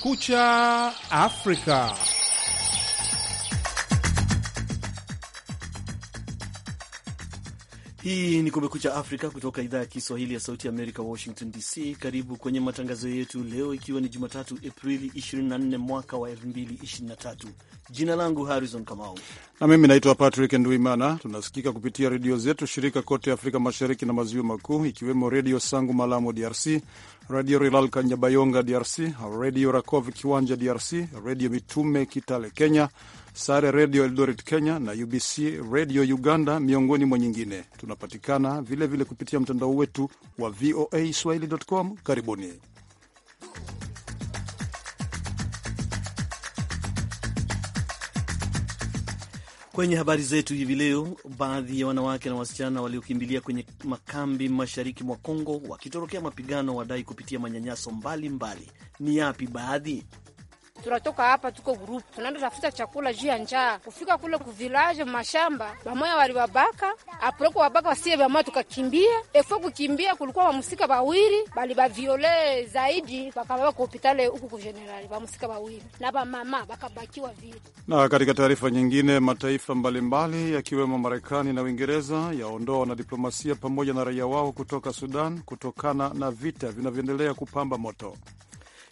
Kumekucha Afrika. Hii ni Kumekucha Afrika kutoka idhaa ya Kiswahili ya Sauti ya Amerika, Washington DC. Karibu kwenye matangazo yetu leo, ikiwa ni Jumatatu Aprili 24 mwaka wa 2023. Jina langu Harrison Kamau na mimi naitwa Patrick Nduimana. Tunasikika kupitia redio zetu shirika kote Afrika Mashariki na Maziwa Makuu, ikiwemo Redio Sangu Malamu DRC, Radio Rilal Kanyabayonga DRC, Redio Rakov Kiwanja DRC, Redio Mitume Kitale Kenya, Sare Redio Eldoret Kenya na UBC Redio Uganda, miongoni mwa nyingine. Tunapatikana vilevile vile kupitia mtandao wetu wa VOA swahili.com. Karibuni. Kwenye habari zetu hivi leo, baadhi ya wanawake na wasichana waliokimbilia kwenye makambi mashariki mwa Kongo wakitorokea mapigano wadai kupitia manyanyaso mbalimbali mbali. Ni yapi baadhi? tunatoka hapa, tuko grupu tunaenda tafuta chakula juu ya njaa. Kufika kule kuvilaje mashamba, bamoya waliwabaka apreko wabaka wasie vyamoya, tukakimbia efo kukimbia, kulikuwa wamusika bawiri bali baviole zaidi, bakababa ku hopitale huku kujenerali, bamusika bawiri na bamama bakabakiwa vile. Na katika taarifa nyingine, mataifa mbalimbali yakiwemo Marekani na Uingereza yaondoa wanadiplomasia pamoja na raia wao kutoka Sudan kutokana na vita vinavyoendelea kupamba moto.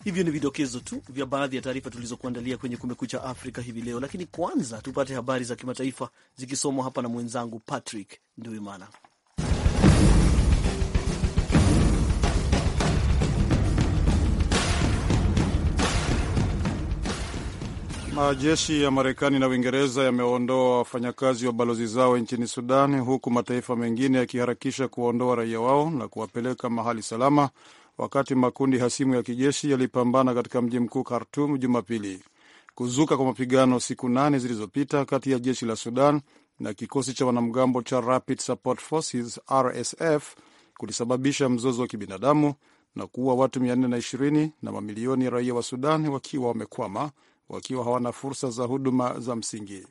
Hivyo ni vidokezo tu vya baadhi ya taarifa tulizokuandalia kwenye Kumekucha Afrika hivi leo, lakini kwanza tupate habari za kimataifa zikisomwa hapa na mwenzangu Patrick Nduimana. Majeshi ya Marekani na Uingereza yameondoa wafanyakazi wa balozi zao nchini Sudani, huku mataifa mengine yakiharakisha kuwaondoa raia wao na kuwapeleka mahali salama wakati makundi hasimu ya kijeshi yalipambana katika mji mkuu Khartum Jumapili. Kuzuka kwa mapigano siku nane zilizopita kati ya jeshi la Sudan na kikosi cha wanamgambo cha Rapid Support Forces RSF kulisababisha mzozo wa kibinadamu na kuua watu 420 na mamilioni ya raia wa Sudan wakiwa wamekwama, wakiwa hawana fursa za huduma za msingi.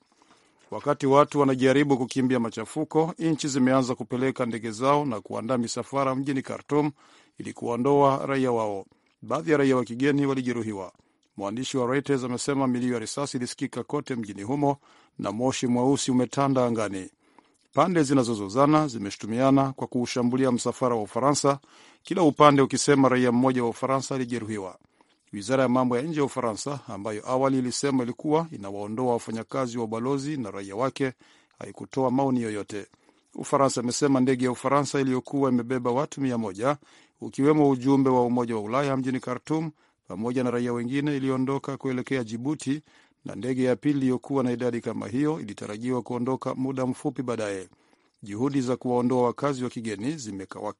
Wakati watu wanajaribu kukimbia machafuko, nchi zimeanza kupeleka ndege zao na kuandaa misafara mjini Khartum ili kuwaondoa raia wao. Baadhi ya raia wa kigeni walijeruhiwa. Mwandishi wa Reuters amesema milio ya risasi ilisikika kote mjini humo na moshi mweusi umetanda angani. Pande zinazozozana zimeshutumiana kwa kuushambulia msafara wa Ufaransa, kila upande ukisema raia mmoja wa Ufaransa alijeruhiwa. Wizara ya mambo ya nje ya Ufaransa, ambayo awali ilisema ilikuwa inawaondoa wafanyakazi wa ubalozi na raia wake, haikutoa maoni yoyote. Ufaransa imesema ndege ya Ufaransa iliyokuwa imebeba watu mia moja ukiwemo ujumbe wa Umoja wa Ulaya mjini Khartum pamoja na raia wengine, iliyoondoka kuelekea Jibuti na ndege ya pili iliyokuwa na idadi kama hiyo ilitarajiwa kuondoka muda mfupi baadaye. Juhudi za kuwaondoa wakazi wa kigeni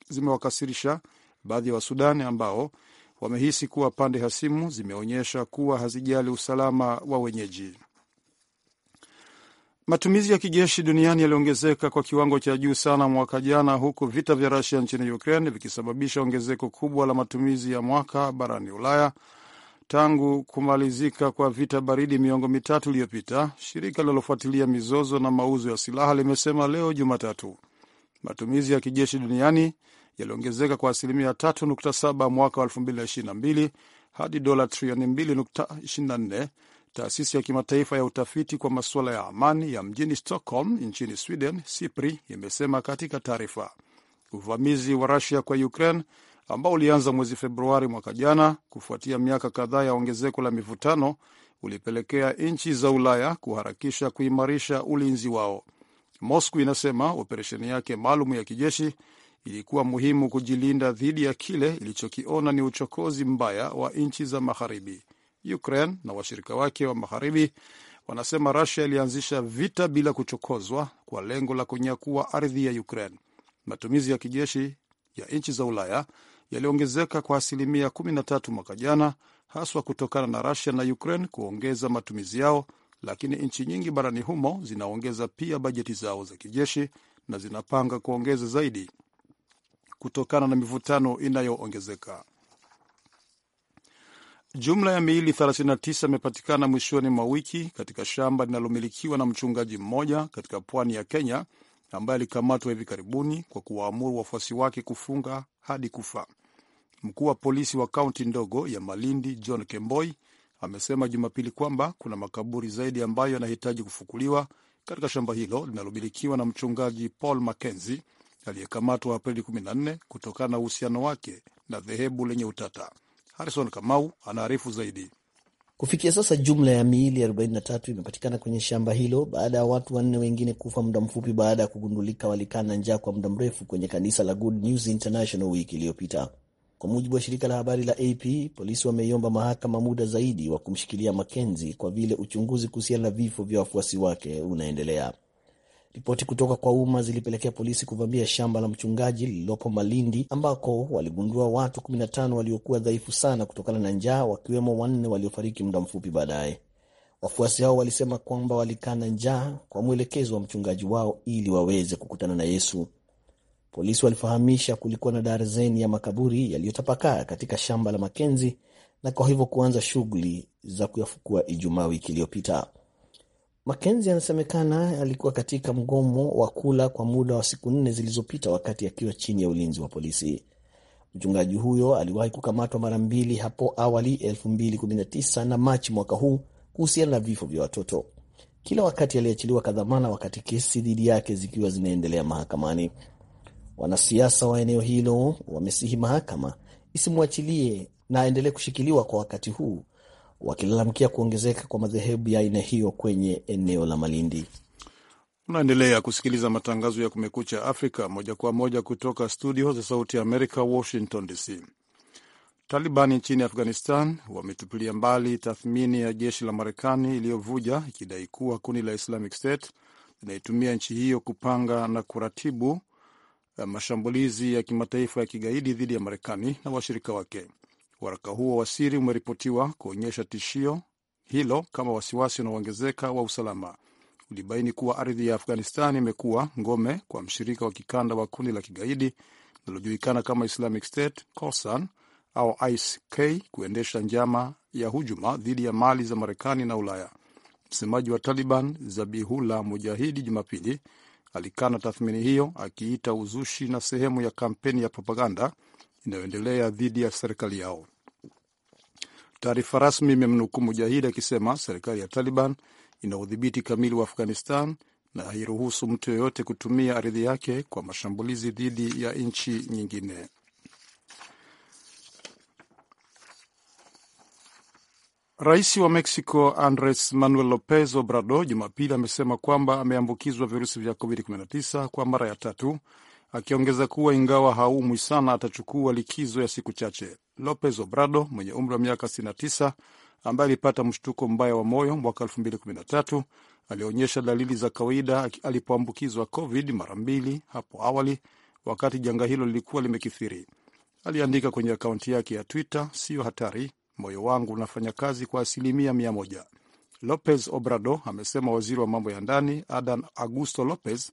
zimewakasirisha zime baadhi ya Wasudani ambao wamehisi kuwa pande hasimu zimeonyesha kuwa hazijali usalama wa wenyeji. Matumizi ya kijeshi duniani yaliongezeka kwa kiwango cha juu sana mwaka jana, huku vita vya Rusia nchini Ukraine vikisababisha ongezeko kubwa la matumizi ya mwaka barani Ulaya tangu kumalizika kwa vita baridi miongo mitatu iliyopita. Shirika linalofuatilia mizozo na mauzo ya silaha limesema leo Jumatatu matumizi ya kijeshi duniani yaliongezeka kwa asilimia 3.7 mwaka wa 2022 hadi dola trilioni 2.24 Taasisi ya kimataifa ya utafiti kwa masuala ya amani ya mjini Stockholm nchini Sweden, SIPRI, imesema katika taarifa, uvamizi wa Rusia kwa Ukraine ambao ulianza mwezi Februari mwaka jana kufuatia miaka kadhaa ya ongezeko la mivutano ulipelekea nchi za Ulaya kuharakisha kuimarisha ulinzi wao. Moscow inasema operesheni yake maalum ya kijeshi ilikuwa muhimu kujilinda dhidi ya kile ilichokiona ni uchokozi mbaya wa nchi za Magharibi. Ukraine na washirika wake wa magharibi wanasema Rusia ilianzisha vita bila kuchokozwa kwa lengo la kunyakua ardhi ya Ukraine. Matumizi ya kijeshi ya nchi za Ulaya yaliongezeka kwa asilimia 13 mwaka jana, haswa kutokana na Rusia na Ukraine kuongeza matumizi yao, lakini nchi nyingi barani humo zinaongeza pia bajeti zao za kijeshi na zinapanga kuongeza zaidi kutokana na mivutano inayoongezeka. Jumla ya miili 39 imepatikana mwishoni mwa wiki katika shamba linalomilikiwa na mchungaji mmoja katika pwani ya Kenya ambaye alikamatwa hivi karibuni kwa kuwaamuru wafuasi wake kufunga hadi kufa. Mkuu wa polisi wa kaunti ndogo ya Malindi, John Kemboi, amesema Jumapili kwamba kuna makaburi zaidi ambayo yanahitaji kufukuliwa katika shamba hilo linalomilikiwa na mchungaji Paul Mackenzie aliyekamatwa Aprili 14 kutokana na uhusiano wake na dhehebu lenye utata. Harison Kamau anaarifu zaidi. Kufikia sasa jumla ya miili 43 imepatikana kwenye shamba hilo baada ya watu wanne wengine kufa muda mfupi baada ya kugundulika walikaa na njaa kwa muda mrefu kwenye kanisa la Good News International wiki iliyopita. Kwa mujibu wa shirika la habari la AP, polisi wameiomba mahakama muda zaidi wa kumshikilia Makenzi kwa vile uchunguzi kuhusiana na vifo vya wafuasi wake unaendelea. Ripoti kutoka kwa umma zilipelekea polisi kuvamia shamba la mchungaji lililopo Malindi, ambako waligundua watu 15 waliokuwa dhaifu sana kutokana na njaa, wakiwemo wanne waliofariki muda mfupi baadaye. Wafuasi hao walisema kwamba walikana njaa kwa mwelekezo wa mchungaji wao ili waweze kukutana na Yesu. Polisi walifahamisha kulikuwa na darzeni ya makaburi yaliyotapakaa katika shamba la Makenzi na kwa hivyo kuanza shughuli za kuyafukua Ijumaa wiki iliyopita. Makenzi anasemekana alikuwa katika mgomo wa kula kwa muda wa siku nne zilizopita wakati akiwa chini ya ulinzi wa polisi. Mchungaji huyo aliwahi kukamatwa mara mbili hapo awali 2019 na Machi mwaka huu kuhusiana na vifo vya watoto. Kila wakati aliachiliwa kadhamana, wakati kesi dhidi yake zikiwa zinaendelea mahakamani. Wanasiasa wa eneo hilo wamesihi mahakama isimwachilie na aendelee kushikiliwa kwa wakati huu wakilalamikia kuongezeka kwa madhehebu ya aina hiyo kwenye eneo la Malindi. Unaendelea kusikiliza matangazo ya Kumekucha Afrika moja kwa moja kutoka studio za Sauti ya Amerika, Washington DC. Taliban nchini Afghanistan wametupilia mbali tathmini ya jeshi la Marekani iliyovuja ikidai kuwa kundi la Islamic State linaitumia nchi hiyo kupanga na kuratibu eh, mashambulizi ya kimataifa ya kigaidi dhidi ya Marekani na washirika wake. Waraka huo wa siri umeripotiwa kuonyesha tishio hilo kama wasiwasi unaoongezeka wa usalama. Ulibaini kuwa ardhi ya Afghanistan imekuwa ngome kwa mshirika wa kikanda wa kundi la kigaidi linalojulikana kama Islamic State cosan au ISK kuendesha njama ya hujuma dhidi ya mali za Marekani na Ulaya. Msemaji wa Taliban Zabihula Mujahidi Jumapili alikana tathmini hiyo, akiita uzushi na sehemu ya kampeni ya propaganda inayoendelea dhidi ya serikali yao. Taarifa rasmi imemnukuu Mujahidi akisema serikali ya Taliban ina udhibiti kamili wa Afghanistan na hairuhusu mtu yoyote kutumia ardhi yake kwa mashambulizi dhidi ya nchi nyingine. Rais wa Mexico Andres Manuel Lopez Obrador Jumapili amesema kwamba ameambukizwa virusi vya COVID-19 kwa mara ya tatu akiongeza kuwa ingawa haumwi sana atachukua likizo ya siku chache. Lopez Obrado mwenye umri wa miaka 69 ambaye alipata mshtuko mbaya wa moyo mwaka 2013 alionyesha dalili za kawaida alipoambukizwa COVID mara mbili hapo awali, wakati janga hilo lilikuwa limekithiri. Aliandika kwenye akaunti yake ya Twitter, siyo hatari, moyo wangu unafanya kazi kwa asilimia mia moja. Lopez Obrado amesema waziri wa mambo ya ndani Adan Augusto Lopez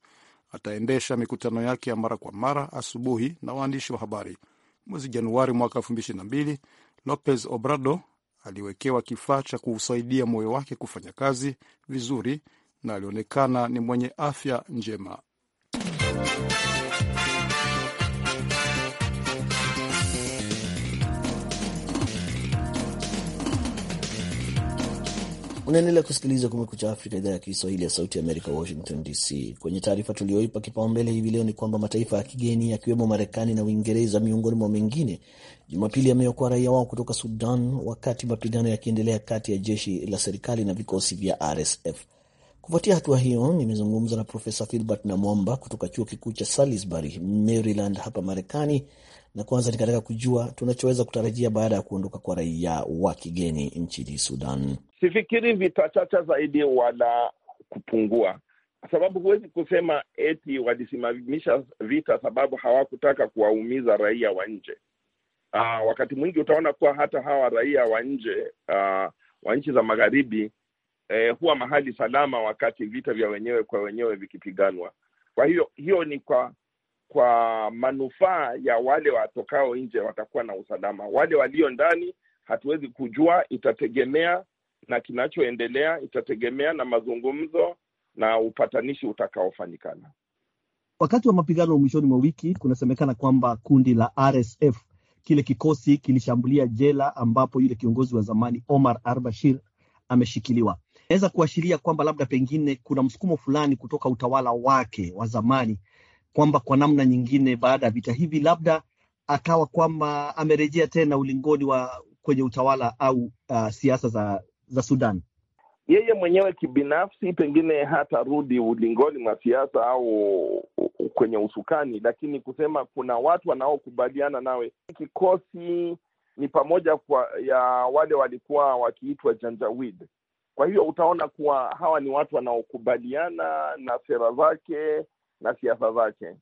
ataendesha mikutano yake ya mara kwa mara asubuhi na waandishi wa habari. Mwezi Januari mwaka mbili, Lopez obrado aliwekewa kifaa cha kuusaidia moyo wake kufanya kazi vizuri na alionekana ni mwenye afya njema. Unaendelea kusikiliza Kumekucha Afrika, idhaa ya Kiswahili ya Sauti Amerika, Washington DC. Kwenye taarifa tulioipa kipaumbele hivi leo ni kwamba mataifa ya kigeni yakiwemo Marekani na Uingereza miongoni mwa mengine, Jumapili yameokoa raia wao kutoka Sudan wakati mapigano yakiendelea kati ya jeshi la serikali na vikosi vya RSF. Kufuatia hatua hiyo, nimezungumza na Profesa Filbert Namwamba kutoka chuo kikuu cha Salisbury, Maryland, hapa Marekani, na kwanza ni katika kujua tunachoweza kutarajia baada ya kuondoka kwa raia wa kigeni nchini Sudan. Sifikiri vita chacha zaidi wala kupungua, kwa sababu huwezi kusema eti walisimamisha vita sababu hawakutaka kuwaumiza raia wa nje. Uh, wakati mwingi utaona kuwa hata hawa raia wa nje uh, wa nchi za magharibi eh, huwa mahali salama wakati vita vya wenyewe kwa wenyewe vikipiganwa. Kwa hiyo hiyo ni kwa kwa manufaa ya wale watokao nje watakuwa na usalama. Wale walio ndani hatuwezi kujua, itategemea na kinachoendelea, itategemea na mazungumzo na upatanishi utakaofanyikana. Wakati wa mapigano mwishoni mwa wiki, kunasemekana kwamba kundi la RSF kile kikosi kilishambulia jela ambapo yule kiongozi wa zamani Omar al-Bashir ameshikiliwa. Naweza kuashiria kwamba labda pengine kuna msukumo fulani kutoka utawala wake wa zamani kwamba kwa namna nyingine, baada ya vita hivi, labda akawa kwamba amerejea tena ulingoni wa kwenye utawala au uh, siasa za, za Sudan. Yeye mwenyewe kibinafsi pengine hatarudi ulingoni mwa siasa au kwenye usukani, lakini kusema kuna watu wanaokubaliana nawe. Kikosi ni pamoja kwa ya wale walikuwa wakiitwa Janjawid. Kwa hiyo utaona kuwa hawa ni watu wanaokubaliana na sera zake na siasa zake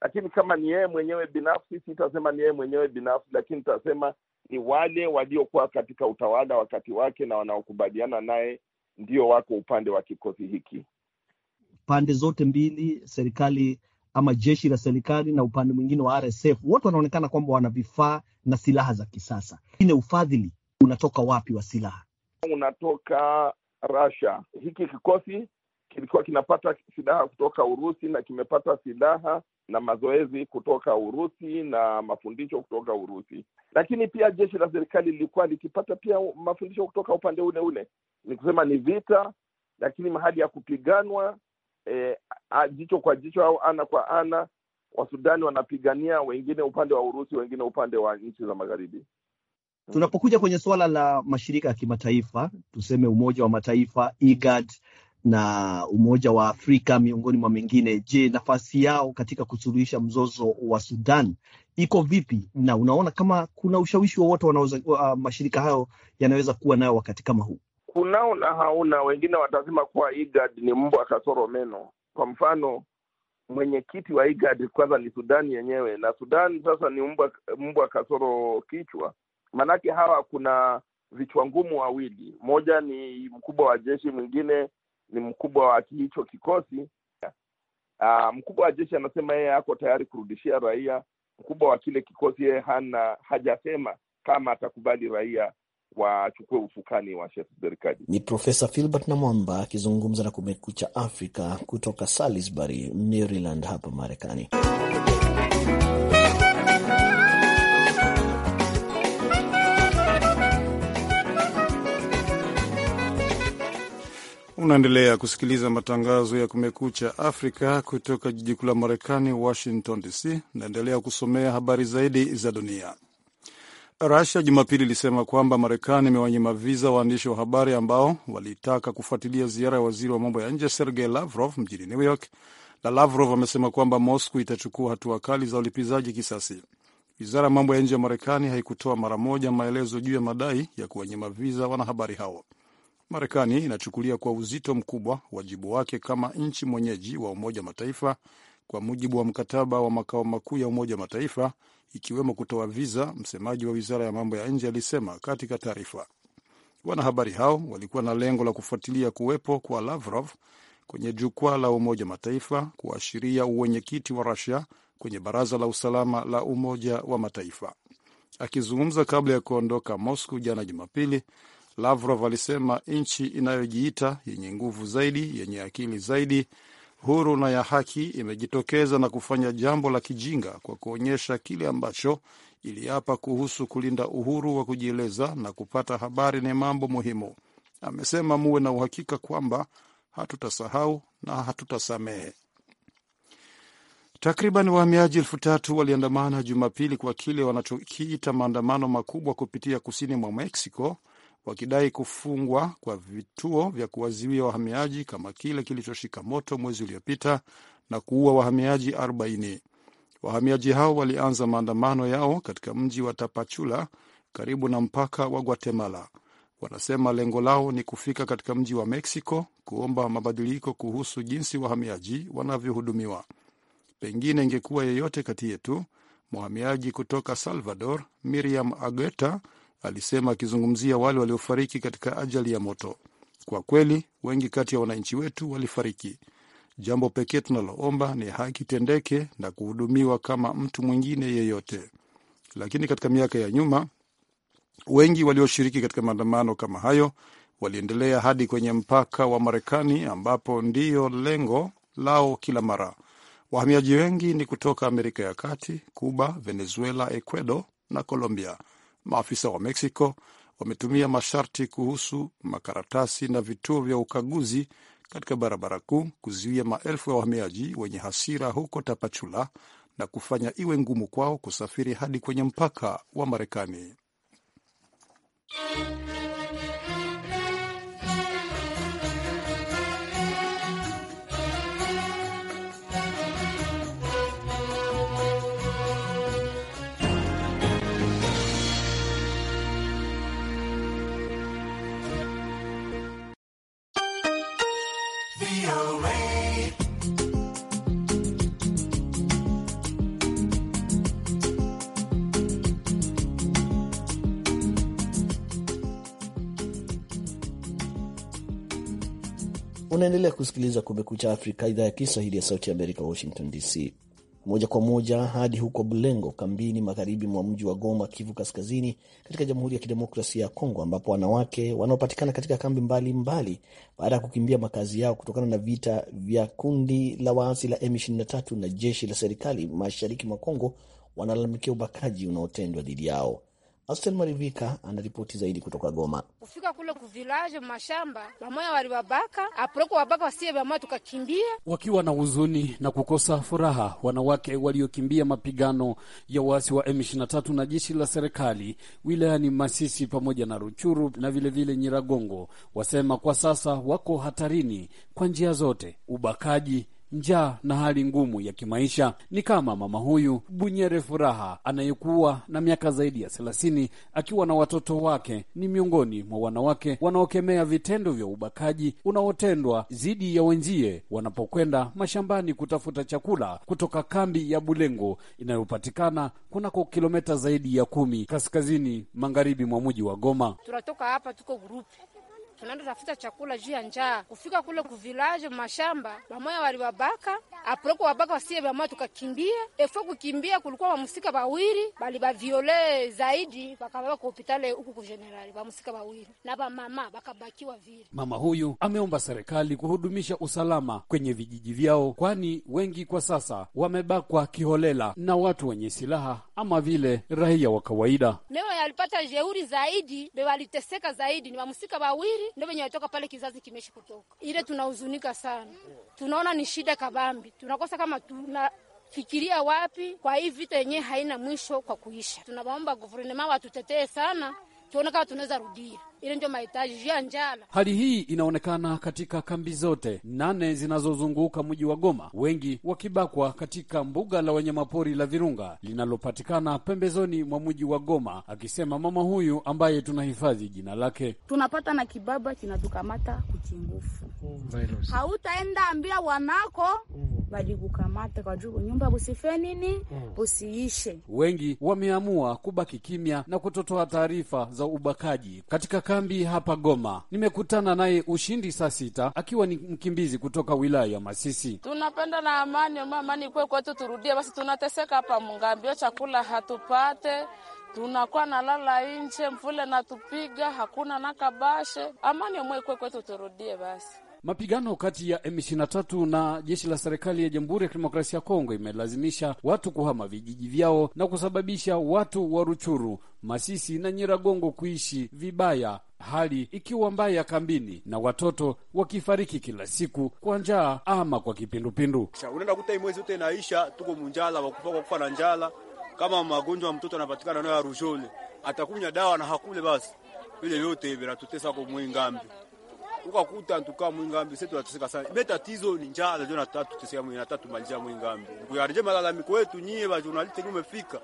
lakini kama ni yeye mwenyewe binafsi sitasema ni yeye mwenyewe binafsi lakini tasema ni wale waliokuwa katika utawala wakati wake na wanaokubaliana naye ndio wako upande wa kikosi hiki pande zote mbili serikali ama jeshi la serikali na upande mwingine wa RSF wote wanaonekana kwamba wana vifaa na silaha za kisasa. Ile ufadhili unatoka wapi wa silaha? Unatoka Russia. Hiki kikosi kilikuwa kinapata silaha kutoka Urusi na kimepata silaha na mazoezi kutoka Urusi na mafundisho kutoka Urusi. Lakini pia jeshi la serikali lilikuwa likipata pia mafundisho kutoka upande ule ule, ni kusema ni vita, lakini mahali ya kupiganwa e, jicho kwa jicho au ana kwa ana. Wasudani wanapigania wengine upande wa Urusi, wengine upande wa nchi za magharibi. Tunapokuja kwenye suala la mashirika ya kimataifa, tuseme Umoja wa Mataifa, IGAD na Umoja wa Afrika miongoni mwa mengine. Je, nafasi yao katika kusuluhisha mzozo wa Sudan iko vipi, na unaona kama kuna ushawishi wowote wa uh, mashirika hayo yanaweza kuwa nayo wakati kama huu? Kunao na hauna. Wengine watasema kuwa IGAD ni mbwa kasoro meno. Kwa mfano, mwenyekiti wa IGAD kwanza ni Sudani yenyewe, na Sudani sasa ni mbwa, mbwa kasoro kichwa. Maanake hawa kuna vichwa ngumu wawili, moja ni mkubwa wa jeshi, mwingine ni mkubwa wa hicho kikosi. Uh, mkubwa wa jeshi anasema yeye ako tayari kurudishia raia. Mkubwa wa kile kikosi yeye hana hajasema kama atakubali raia wachukue ufukani wa Sheikh Zerikadi. Ni Profesa Filbert Namwamba akizungumza na Kumekucha Afrika kutoka Salisbury, Maryland, hapa Marekani. Unaendelea kusikiliza matangazo ya Kumekucha Afrika kutoka jiji kuu la Marekani, Washington DC. Naendelea kusomea habari zaidi za dunia. Rasia Jumapili ilisema kwamba Marekani imewanyima viza waandishi wa habari ambao walitaka kufuatilia ziara ya waziri wa mambo ya nje Sergei Lavrov mjini New York, na Lavrov amesema kwamba Moscow itachukua hatua kali za ulipizaji kisasi. Wizara ya mambo ya nje ya Marekani haikutoa mara moja maelezo juu ya madai ya kuwanyima viza wanahabari hao. Marekani inachukulia kwa uzito mkubwa wajibu wake kama nchi mwenyeji wa Umoja Mataifa kwa mujibu wa mkataba wa makao makuu ya Umoja wa Mataifa, ikiwemo kutoa viza. Msemaji wa wizara ya mambo ya nje alisema katika taarifa. Wanahabari hao walikuwa na lengo la kufuatilia kuwepo kwa Lavrov kwenye jukwaa la Umoja Mataifa kuashiria uwenyekiti wa Rusia kwenye Baraza la Usalama la Umoja wa Mataifa. Akizungumza kabla ya kuondoka Moscow jana Jumapili, Lavrov alisema nchi inayojiita yenye nguvu zaidi, yenye akili zaidi, huru na ya haki imejitokeza na kufanya jambo la kijinga kwa kuonyesha kile ambacho iliapa kuhusu kulinda uhuru wa kujieleza na kupata habari ni mambo muhimu. Amesema muwe na uhakika kwamba hatutasahau na hatutasamehe. Takriban wahamiaji elfu tatu waliandamana Jumapili kwa kile wanachokiita maandamano makubwa kupitia kusini mwa Mexico wakidai kufungwa kwa vituo vya kuwazuia wahamiaji kama kile kilichoshika moto mwezi uliopita na kuua wahamiaji 40. Wahamiaji hao walianza maandamano yao katika mji wa Tapachula karibu na mpaka wa Guatemala. Wanasema lengo lao ni kufika katika mji wa Mexico kuomba mabadiliko kuhusu jinsi wahamiaji wanavyohudumiwa. Pengine ingekuwa yeyote kati yetu, mhamiaji kutoka Salvador Miriam Agueta alisema akizungumzia wale waliofariki katika ajali ya moto. Kwa kweli wengi kati ya wananchi wetu walifariki. Jambo pekee tunaloomba ni haki tendeke na kuhudumiwa kama mtu mwingine yeyote. Lakini katika miaka ya nyuma, wengi walioshiriki katika maandamano kama hayo waliendelea hadi kwenye mpaka wa Marekani, ambapo ndiyo lengo lao kila mara. Wahamiaji wengi ni kutoka Amerika ya Kati, kuba Venezuela, Ecuador na Colombia maafisa wa Mexico wametumia masharti kuhusu makaratasi na vituo vya ukaguzi katika barabara kuu kuzuia maelfu ya wahamiaji wenye hasira huko Tapachula na kufanya iwe ngumu kwao kusafiri hadi kwenye mpaka wa Marekani. Unaendelea kusikiliza Kumekucha Afrika, idhaa ya Kiswahili ya Sauti ya Amerika, Washington DC. Moja kwa moja hadi huko Bulengo, kambini magharibi mwa mji wa Goma, Kivu Kaskazini, katika Jamhuri ya Kidemokrasia ya Kongo, ambapo wanawake wanaopatikana katika kambi mbalimbali baada ya kukimbia makazi yao kutokana na vita vya kundi la waasi la M23 na jeshi la serikali mashariki mwa Kongo wanalalamikia ubakaji unaotendwa dhidi yao. Astel Marivika anaripoti zaidi kutoka Goma. Kufika kule kuvilaje mashamba wamoya waliwabaka aproko wabaka wasiye wamoya, tukakimbia wakiwa na huzuni na kukosa furaha. Wanawake waliokimbia mapigano ya waasi wa M23 na jeshi la serikali wilayani Masisi pamoja na Ruchuru na vilevile vile Nyiragongo wasema kwa sasa wako hatarini kwa njia zote, ubakaji njaa na hali ngumu ya kimaisha. Ni kama mama huyu Bunyere Furaha anayekuwa na miaka zaidi ya thelathini akiwa na watoto wake, ni miongoni mwa wanawake wanaokemea vitendo vya ubakaji unaotendwa dhidi ya wenzie wanapokwenda mashambani kutafuta chakula kutoka kambi ya Bulengo inayopatikana kunako kilometa zaidi ya kumi kaskazini magharibi mwa mji wa Goma. Tunatoka hapa tuko grupi tunaenda tafuta chakula juu ya njaa. Kufika kule kuvilaje mashamba, bamoya waliwabaka aproko wabaka wasie bamoya, tukakimbia efo kukimbia, kulikuwa wamusika wawili bali baviole zaidi, wakavaa kwa hopitale huku ku wamusika wawili na vamama wakabakiwa vile. Mama huyu ameomba serikali kuhudumisha usalama kwenye vijiji vyao, kwani wengi kwa sasa wamebakwa kiholela na watu wenye silaha ama vile raia wa kawaida. Leo yalipata jeuri zaidi, bewaliteseka zaidi ni wamusika wawili ndio venye watoka pale, kizazi kimeshi kutoka ile. Tunahuzunika sana, tunaona ni shida kabambi, tunakosa kama tuna fikiria wapi kwa hii vita yenyewe haina mwisho kwa kuisha. Tunawaomba guvernema watutetee sana, tuone kama tunaweza rudia ile ndio mahitaji ya njala. Hali hii inaonekana katika kambi zote nane zinazozunguka mji wa Goma, wengi wakibakwa katika mbuga la wanyamapori la Virunga linalopatikana pembezoni mwa mji wa Goma, akisema mama huyu ambaye tunahifadhi jina lake. Tunapata na kibaba kinatukamata kuchingufu, hautaenda ambia wanako mm. walikukamata kwa juu nyumba busife nini mm. busiishe. Wengi wameamua kubaki kimya na kutotoa taarifa za ubakaji katika kambi hapa Goma. Nimekutana naye Ushindi saa sita akiwa ni mkimbizi kutoka wilaya ya Masisi. Tunapenda na amani, amani kwe kwetu, turudie basi, tunateseka hapa mngambio, chakula hatupate tunakuwa na lala nje, mvule natupiga, hakuna nakabashe. Amani omwe kwe kwetu, turudie basi. Mapigano kati ya M23 na jeshi la serikali ya Jamhuri ya Kidemokrasia ya Kongo imelazimisha watu kuhama vijiji vyao na kusababisha watu wa Ruchuru, Masisi na Nyiragongo kuishi vibaya, hali ikiwa mbaya kambini na watoto wakifariki kila siku kwa njaa ama kwa kipindupindu. Unaenda kuta imwezi yote inaisha, tuko munjala, wakufa kwa kufa na njala. Kama magonjwa mtoto anapatikana nayo ya rujole, atakunya dawa na hakule, basi vile vyote vinatutesa kwa mwingambi ukakuta ntuka mwingambi setu tunateseka sana. Ile tatizo ni njaa ndio na tatu teseka mwingambi tatu malizia mwingambi. Kuyareje malalamiko wetu nyie ba journalist umefika.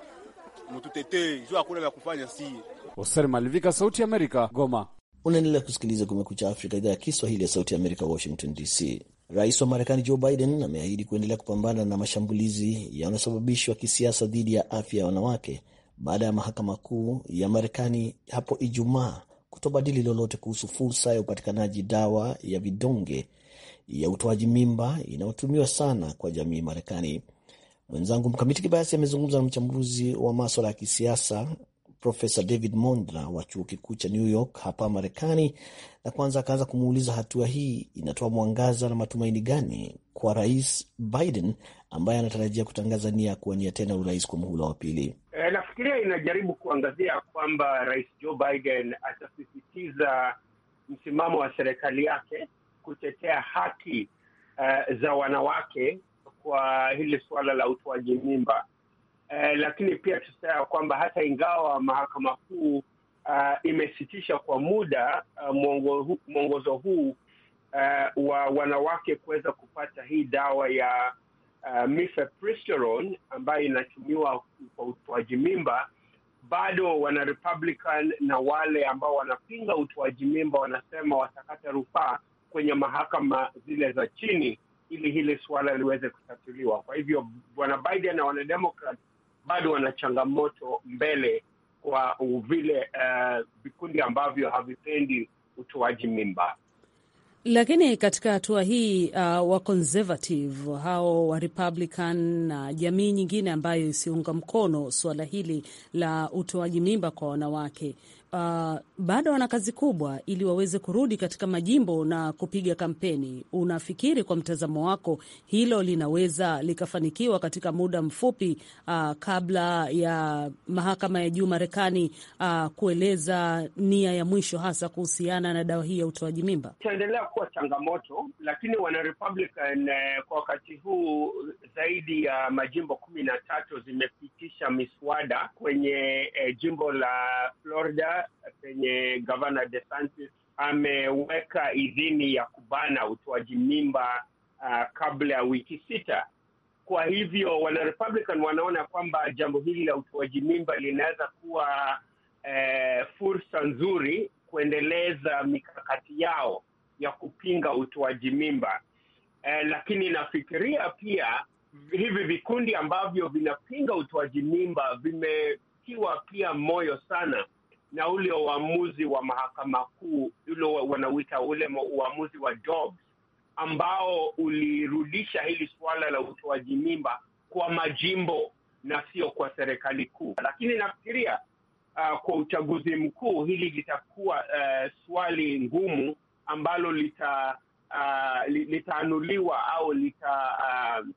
Mtutetee, jo hakuna vya kufanya si. Oscar Malivika, Sauti ya Amerika, Goma. Unaendelea kusikiliza Kumekucha Afrika, idhaa ya Kiswahili ya Sauti ya Amerika, Washington DC. Rais wa Marekani Joe Biden ameahidi kuendelea kupambana na mashambulizi yanayosababishwa kisiasa dhidi ya afya ya wanawake baada ya mahakama kuu ya Marekani hapo Ijumaa kutobadili lolote kuhusu fursa ya upatikanaji dawa ya vidonge ya utoaji mimba inayotumiwa sana kwa jamii Marekani. Mwenzangu Mkamiti Kibayasi amezungumza na mchambuzi wa maswala ya kisiasa Profesa David Mondra wa chuo kikuu cha New York hapa Marekani, na kwanza akaanza kumuuliza hatua hii inatoa mwangaza na matumaini gani kwa Rais Biden ambaye anatarajia kutangaza nia ya kuwania tena urais kwa muhula wa pili. E, nafikiria inajaribu kuangazia kwamba Rais Joe Biden atasisitiza msimamo wa serikali yake kutetea haki uh, za wanawake kwa hili suala la utoaji mimba. Uh, lakini pia tusema kwamba hata ingawa mahakama kuu uh, imesitisha kwa muda uh, mwongozo huu uh, wa wanawake kuweza kupata hii dawa ya uh, mifepristone ambayo inatumiwa kwa utoaji mimba, bado wana Republican na wale ambao wanapinga utoaji mimba wanasema watakata rufaa kwenye mahakama zile za chini ili hili suala liweze kutatuliwa. Kwa hivyo bwana Biden na wanademokrat bado wana changamoto mbele kwa vile uh, vikundi uh, ambavyo havipendi utoaji mimba. Lakini katika hatua hii uh, wa conservative hao wa Republican na jamii nyingine ambayo isiunga mkono suala hili la utoaji mimba kwa wanawake uh, bado wana kazi kubwa ili waweze kurudi katika majimbo na kupiga kampeni. Unafikiri kwa mtazamo wako hilo linaweza likafanikiwa katika muda mfupi uh, kabla ya mahakama ya juu Marekani uh, kueleza nia ya mwisho hasa kuhusiana na dawa hii ya utoaji mimba? Itaendelea kuwa changamoto, lakini wana Republican eh, kwa wakati huu zaidi ya majimbo kumi na tatu zimepitisha miswada kwenye eh, jimbo la Florida penye gavana DeSantis ameweka idhini ya kubana utoaji mimba uh, kabla ya wiki sita. Kwa hivyo wana Republican wanaona kwamba jambo hili la utoaji mimba linaweza kuwa eh, fursa nzuri kuendeleza mikakati yao ya kupinga utoaji mimba eh, lakini nafikiria pia hivi vikundi ambavyo vinapinga utoaji mimba vimetiwa pia moyo sana na ule uamuzi wa mahakama kuu ule wanauita ule uamuzi wa Dobbs ambao ulirudisha hili suala la utoaji mimba kwa majimbo na sio kwa serikali kuu. Lakini nafikiria uh, kwa uchaguzi mkuu hili litakuwa uh, swali ngumu ambalo lita uh, litaanuliwa au lita uh,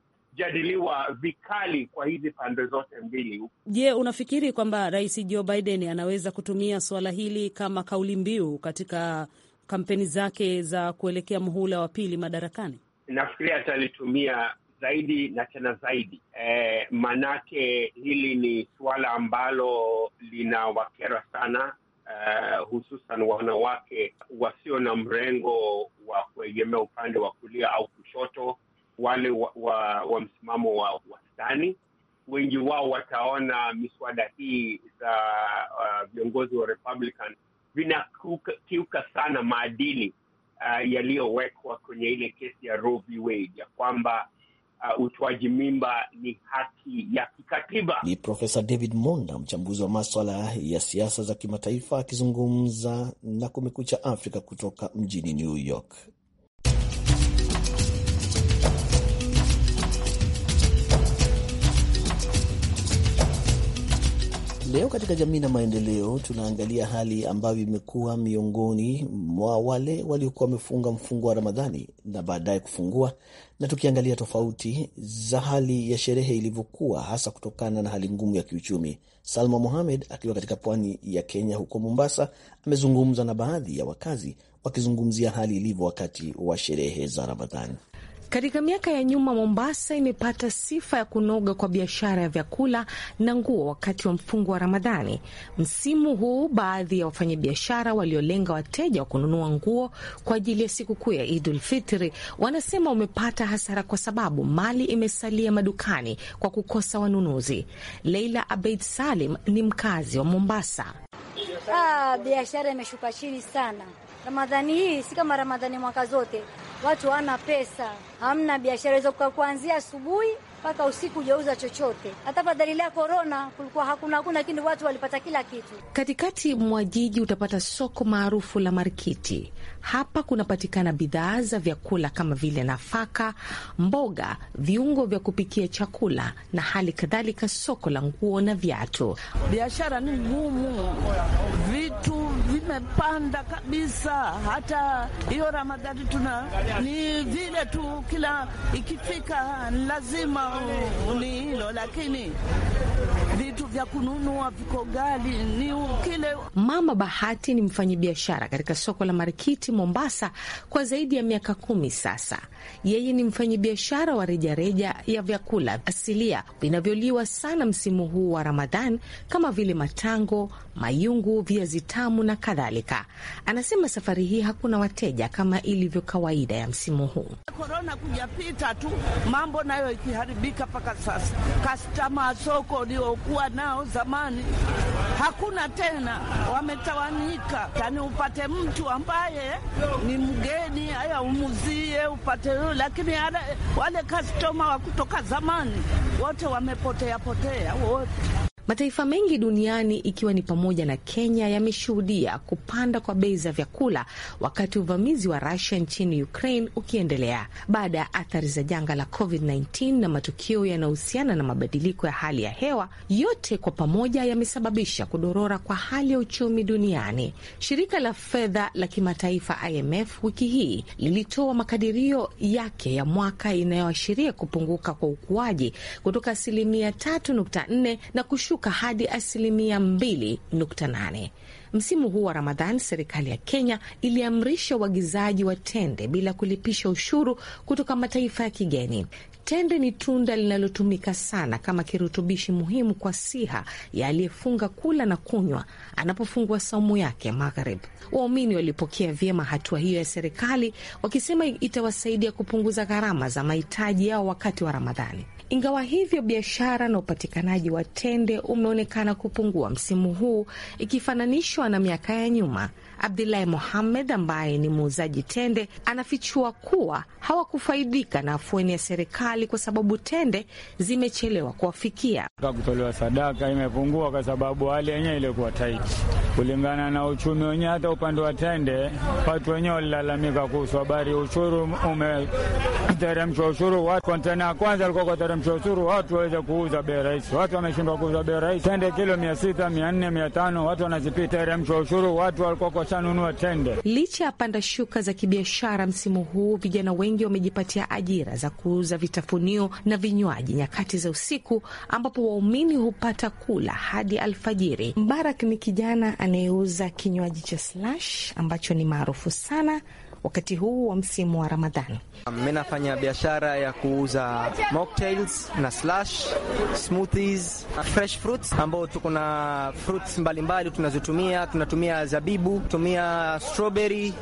kujadiliwa vikali kwa hizi pande zote mbili. Je, unafikiri kwamba Rais Joe Biden anaweza kutumia suala hili kama kauli mbiu katika kampeni zake za kuelekea muhula wa pili madarakani? Nafikiria atalitumia zaidi na tena zaidi eh, manake hili ni suala ambalo linawakera sana eh, hususan wanawake wasio na mrengo wa kuegemea upande wa kulia au kushoto wale wa, wa, wa msimamo wa wastani. Wengi wao wataona miswada hii za uh, viongozi wa Republican vinakiuka sana maadili uh, yaliyowekwa kwenye ile kesi ya Roe v. Wade ya kwamba Uh, utoaji mimba ni haki ya kikatiba. Ni Profesa David Monda, mchambuzi wa maswala ya siasa za kimataifa, akizungumza na Kumekucha Afrika kutoka mjini New York. Leo katika jamii na maendeleo tunaangalia hali ambayo imekuwa miongoni mwa wale waliokuwa wamefunga mfungo wa Ramadhani na baadaye kufungua, na tukiangalia tofauti za hali ya sherehe ilivyokuwa, hasa kutokana na hali ngumu ya kiuchumi. Salma Mohamed akiwa katika pwani ya Kenya huko Mombasa, amezungumza na baadhi ya wakazi wakizungumzia hali ilivyo wakati wa sherehe za Ramadhani. Katika miaka ya nyuma, Mombasa imepata sifa ya kunoga kwa biashara ya vyakula na nguo wakati wa mfungo wa Ramadhani. Msimu huu baadhi ya wafanyabiashara waliolenga wateja wa kununua nguo kwa ajili ya sikukuu ya Idul Fitri wanasema wamepata hasara kwa sababu mali imesalia madukani kwa kukosa wanunuzi. Leila Abeid Salim ni mkazi wa Mombasa. Ah, biashara imeshuka chini sana Ramadhani hii si kama Ramadhani mwaka zote watu hawana pesa, hamna biashara hizo, kwa kuanzia asubuhi mpaka usiku hujauza chochote. Hata kwa dalili ya korona kulikuwa hakuna hakuna, lakini watu walipata kila kitu. Katikati mwa jiji utapata soko maarufu la Marikiti. Hapa kunapatikana bidhaa za vyakula kama vile nafaka, mboga, viungo vya kupikia chakula na hali kadhalika soko la nguo na viatu. Biashara ni ngumu, vitu vimepanda kabisa. Hata hiyo Ramadhani tuna ni vile tu, kila ikifika lazima ni hilo, lakini vitu vya kununua viko gali. Ni kile Mama Bahati ni mfanyabiashara katika soko la Marikiti Mombasa kwa zaidi ya miaka kumi sasa. Yeye ni mfanyabiashara wa rejareja ya vyakula asilia vinavyoliwa sana msimu huu wa Ramadhan kama vile matango, mayungu, viazi tamu na kadhalika. Anasema safari hii hakuna wateja kama ilivyo kawaida ya msimu huu. Korona kujapita tu, mambo nayo ikiharibu kuharibika mpaka sasa. Kastama soko uliokuwa nao zamani hakuna tena, wametawanika. Yani upate mtu ambaye ni mgeni aya umuzie upate, lakini wale kastoma wa kutoka zamani wote wamepotea potea wote. Mataifa mengi duniani ikiwa ni pamoja na Kenya yameshuhudia kupanda kwa bei za vyakula wakati uvamizi wa Rusia nchini Ukraine ukiendelea baada ya athari za janga la COVID-19 na matukio yanayohusiana na mabadiliko ya hali ya hewa, yote kwa pamoja yamesababisha kudorora kwa hali ya uchumi duniani. Shirika la fedha la kimataifa IMF wiki hii lilitoa makadirio yake ya mwaka inayoashiria kupunguka kwa ukuaji kutoka asilimia 3.4 na kushuka kushuka hadi asilimia 2.8. Msimu huu wa Ramadhan, serikali ya Kenya iliamrisha uagizaji wa tende bila kulipisha ushuru kutoka mataifa ya kigeni. Tende ni tunda linalotumika sana kama kirutubishi muhimu kwa siha ya aliyefunga kula na kunywa anapofungua saumu yake magharib. Waumini walipokea vyema hatua hiyo ya serikali, wakisema itawasaidia kupunguza gharama za mahitaji yao wakati wa Ramadhani. Ingawa hivyo, biashara na upatikanaji wa tende umeonekana kupungua msimu huu ikifananishwa na miaka ya nyuma. Abdulahi muhammed ambaye ni muuzaji tende anafichua kuwa hawakufaidika na afueni ya serikali kwa sababu tende zimechelewa kuwafikia. Kutolewa sadaka imepungua kwa sababu hali yenyewe ilikuwa taiti kulingana na uchumi wenyewe. Hata upande wa tende watu wenyewe walilalamika kuhusu habari ushuru umeteremshwa, ushuru wa kontena ya kwanza alikuwa kwa tunamshukuru watu waweze kuuza bei rahisi. Watu wameshindwa kuuza bei rahisi, tende kilo mia sita mia nne mia tano watu wanazipita ilemsha ushuru, watu walikuwa washanunua tende. Licha ya panda shuka za kibiashara msimu huu, vijana wengi wamejipatia ajira za kuuza vitafunio na vinywaji nyakati za usiku, ambapo waumini hupata kula hadi alfajiri. Mbarak ni kijana anayeuza kinywaji cha slash ambacho ni maarufu sana wakati huu wa msimu wa Ramadhani. Mi nafanya biashara ya kuuza mocktails na slash smoothies, fresh fruits ambao tuko na fruits mbalimbali tunazotumia. Tunatumia zabibu, tumia strawberry,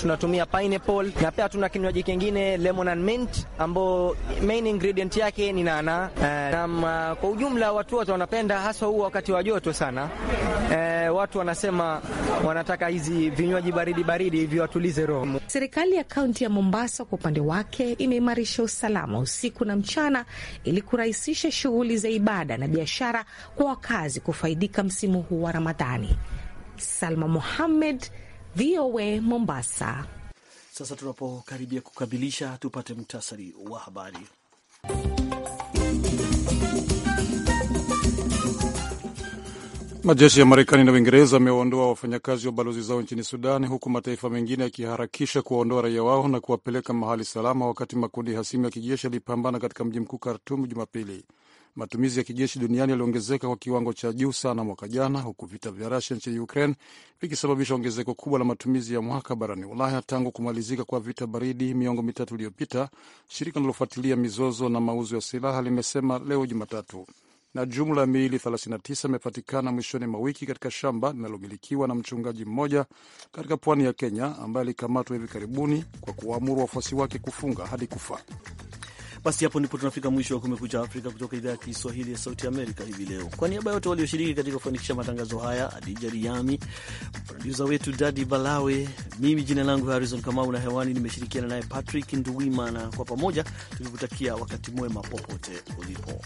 tunatumia pineapple na pia tuna kinywaji kingine lemon and mint ambao main ingredient yake ni nana. Eh, na ah, kwa ujumla watu wote wanapenda, hasa huu wakati wa joto sana. E, watu wanasema wanataka hizi vinywaji baridi baridi hivi watulize roho. Serikali ya kaunti ya Mombasa kwa upande wake imeimarisha usalama usiku na mchana ili kurahisisha shughuli za ibada na biashara kwa wakazi kufaidika msimu huu wa Ramadhani. Salma Mohammed, VOA Mombasa. Sasa tunapokaribia kukamilisha, tupate muktasari wa habari. Majeshi ya Marekani na Uingereza amewaondoa wafanyakazi wa balozi zao nchini Sudani, huku mataifa mengine yakiharakisha kuwaondoa raia wao na kuwapeleka mahali salama, wakati makundi hasimu ya kijeshi yalipambana katika mji mkuu Khartum Jumapili. Matumizi ya kijeshi duniani yaliongezeka kwa kiwango cha juu sana mwaka jana, huku vita vya Rusia nchini Ukraine vikisababisha ongezeko kubwa la matumizi ya mwaka barani Ulaya tangu kumalizika kwa vita baridi miongo mitatu iliyopita, shirika linalofuatilia mizozo na mauzo ya silaha limesema leo Jumatatu na jumla ya miili 39 imepatikana mwishoni mwa wiki katika shamba linalomilikiwa na mchungaji mmoja katika pwani ya Kenya ambaye alikamatwa hivi karibuni kwa kuwaamuru wafuasi wake kufunga hadi kufa. Basi hapo ndipo tunafika mwisho wa Kumekucha Afrika kutoka idhaa ya Kiswahili ya Sauti Amerika hivi leo. Kwa niaba yote walioshiriki katika kufanikisha matangazo haya, Adija Riami, produsa wetu Dadi Balawe, mimi jina langu Harrison Kamau na hewani nimeshirikiana naye Patrick Nduwimana, kwa pamoja tukikutakia wakati mwema popote ulipo.